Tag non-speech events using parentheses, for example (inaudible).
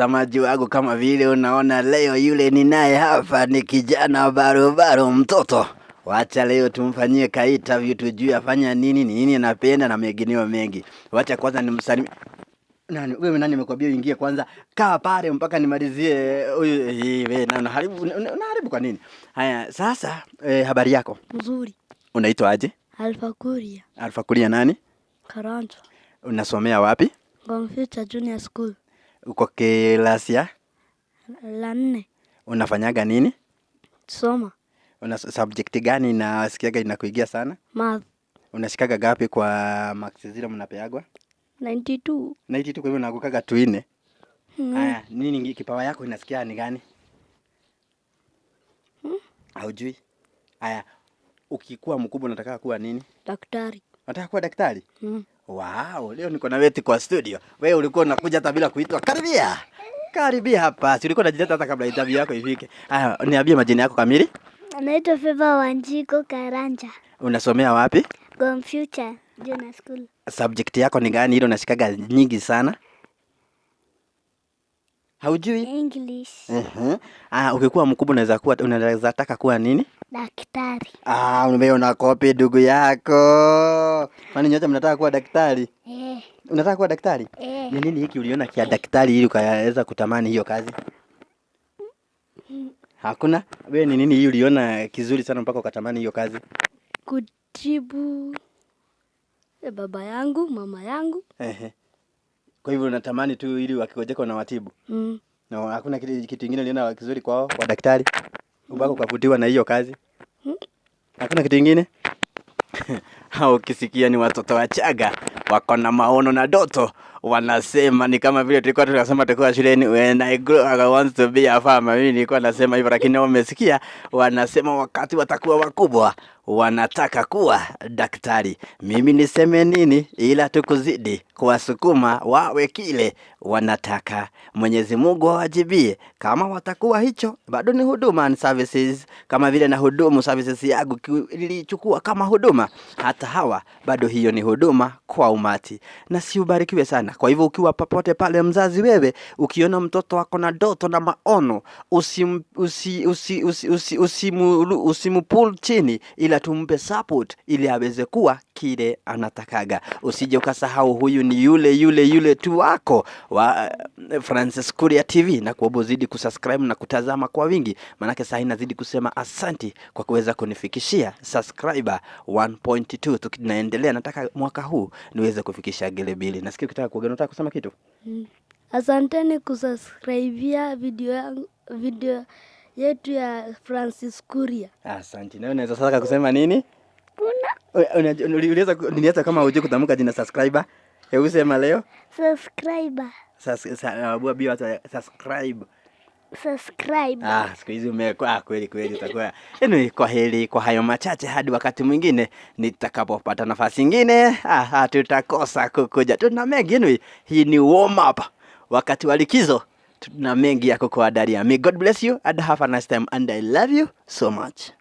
mtazamaji wangu, kama vile unaona leo, yule ninaye hapa ni kijana barobaro, mtoto Wacha leo tumfanyie ka interview tujue afanya nini ni nini anapenda na mengineo mengi. Wacha kwanza nimsalimi Nani wewe nani nimekwambia uingie kwanza? Kaa pale mpaka nimalizie huyu wewe na unaharibu unaharibu kwa nini? Haya sasa e, habari yako? Nzuri. Unaitwa aje? Alfa Kuria. Alfa Kuria nani? Karanto. Unasomea wapi? Computer Junior School. Uko klasi ya? La nne. Unafanyaga nini? Soma. Una subject gani nasikiaga inakuigia sana? Math. Unashikaga gapi kwa marks zile mnapeagwa? 92. 92 kwa hivyo nagukaga tu mm-hmm. Haya, Mm. nini kipawa yako inasikia ni gani? Hmm? Haujui? Aya, ukikuwa mkubwa unataka kuwa nini? Daktari. Unataka kuwa daktari? Mm. Wow, leo niko na weti kwa studio. Wewe ulikuwa unakuja hata bila kuitwa. Karibia. Karibia hapa. Si ulikuwa unajitata hata kabla interview yako ifike. Ah, niambie majina yako kamili. Naitwa Feva Wanjiko Karanja. Unasomea wapi? Computer Junior School. Subject yako ni gani ile unashikaga nyingi sana? Haujui? English. Uh-huh. Ah, ukikuwa mkubwa unaweza kuwa unaweza taka kuwa nini? Daktari. Ah, umeona kopi ndugu yako. Kwani nyote mnataka kuwa daktari? Eh. Unataka kuwa daktari? Eh. Ni nini hiki uliona kia daktari ili ukaweza kutamani hiyo kazi? Hakuna? Wewe ni nini hii uliona kizuri sana mpaka ukatamani hiyo kazi? Kutibu eh, baba yangu, mama yangu. Ehe. Kwa hivyo natamani tu ili wakiojeka na watibu mm. na hakuna kitu kingine niliona kizuri kwao kwa daktari mm. kavutiwa na hiyo kazi mm. hakuna kitu kingine (laughs) au kisikia ni watoto wachaga wako na maono na doto wanasema ni kama vile tulikuwa tunasema tukiwa shuleni, when I grow I want to be a farmer. Mimi nilikuwa nasema hivyo, lakini wao umesikia wanasema wakati watakuwa wakubwa wanataka kuwa daktari. Mimi niseme nini, ila tukuzidi kuwasukuma wawe kile wanataka. Mwenyezi Mungu wawajibie, kama watakuwa hicho bado ni huduma and services, kama vile na hudumu services yangu ilichukua kama huduma hata hawa bado hiyo ni huduma kwa umati, na si ubarikiwe sana. Kwa hivyo ukiwa popote pale, mzazi wewe, ukiona mtoto wako na ndoto na maono, usimpul usi, usi, usi, usi, usi, usi, usi chini, ila tumpe support ili aweze kuwa kile anatakaga. Usije ukasahau huyu ni yule yule yule tu wako wa eh, Francis Kuria TV, na kuomba uzidi kusubscribe na kutazama kwa wingi, maanake saa hii nazidi kusema asanti kwa kuweza kunifikishia subscriber 1.2 Tukinaendelea, Nataka mwaka huu niweze kufikisha gele mbili. Nasikia ukitaka kuongea, unataka kusema kitu mm. Asanteni kusubscribea video yangu video yetu ya Francis Kuria. Asante. Nawe unaweza sasa kusema nini? Hakuna. Niliweza kama hujui kutamka jina subscriber. Hebu sema leo. Subscriber. Sasa bi watu subscribe. Subscribe. Ah, siku hizi umekuwa ah, kweli kweli utakuwa. Yaani kwa heri kwa hayo machache hadi wakati mwingine nitakapopata nafasi nyingine. Ah, ah tutakosa kukuja. Tuna mengi anyway. Yaani, hii ni warm up. Wakati wa likizo tuna mengi ya kukuandalia. May God bless you and have a nice time and I love you so much.